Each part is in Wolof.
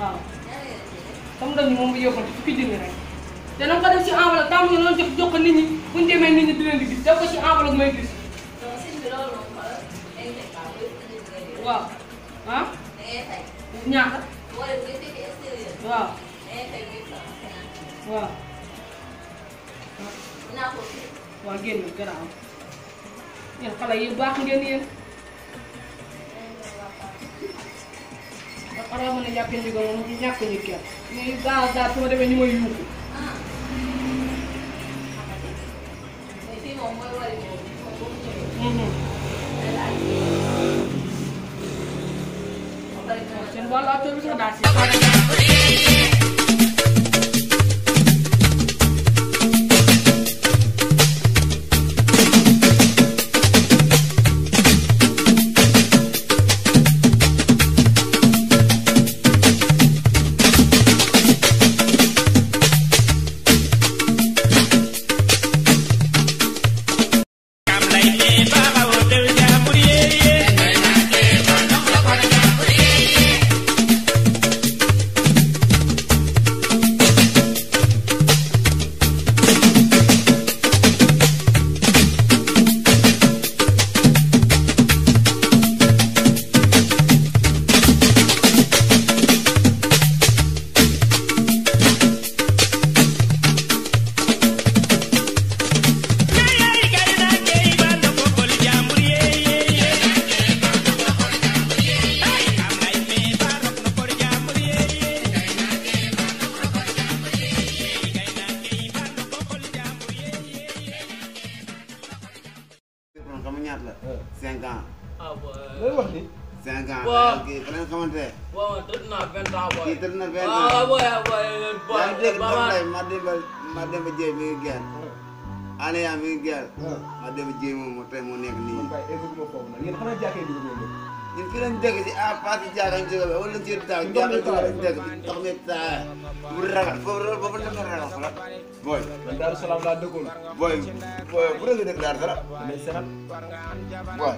waaw sama doom yi moom bi yóbbal fukki junni rek te na nga ko def ci enveloppe tam nga noonu jox jox ko nit ñi bu ñu demee nit ñi di leen di gis def ko ci enveloppe may gis waaw ah ñaata waaw waaw waaw génn garaaw yéen xale yu baax ngeen yéen xanaa mën a yàgg ndigal moom ñu ñàkk ñu kenn mais daal daal su ma demee ñu may yuuxu. Ah. seen wàllu acteur bi sax daal si. ne baba xam nga ñaata la. cinq ans. ah booy wax ni. cinq ans. waaw kii fan nga xamante ne. waaw tëdd na vingt booy. kii tëdd na vingt ah, ans waaw booy booy. yaa ngi dégg Mademba Mademba Dieng mi ngi gerte. Alioune mi ngi gerte. Mademba Dieng moom tey moo nekk nii. moom kay énu ngi ñun fii lañ dëkk si à part si Diakha ñu jógee wala ci Diakha Diakha Diakha lañ dëkk ndox mi taa ah, bu ragal foofu loolu foofu lañ ragal xala booy man Daaru Salaam laa dëkkoon booy booy bu dëgg dëkk Daaru Salaam damay senat booy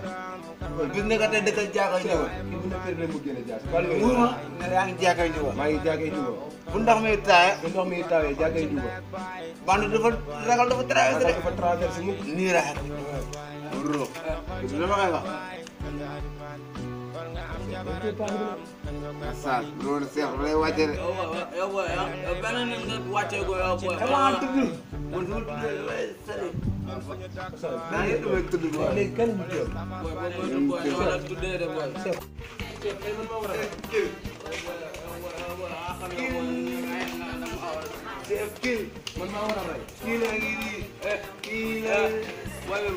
bis ne ka tey dëkkal Diakha ñu ko ki bu nekkee rek mu génne Diakha wuma ne yaa ngi Diakha ñu ko maa ngi Diakha ñu ko bu ndox mi taawee bu ndox mi taawee Diakha ñu ko bande dafa ragal dafa traversé rek dafa traversé mukk nii raxat ah. ruux dama koy wax Saal loolu Seex bi lay wàcce de. yow booy yow benn nit nga wàccee ko yow booy. damaa tudd. man dama tudd lay sëriñ. daa ngi damay tudd booy. léegi kan bu tudd. booy booy booy yow la tuddee de booy. kii man maa war a rey. kii la kii la kii la. waaw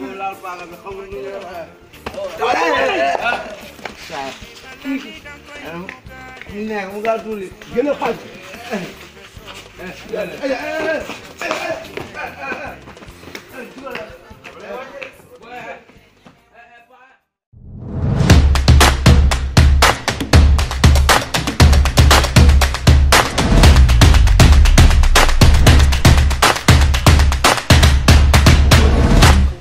mu ngaa tuuli gën a xaj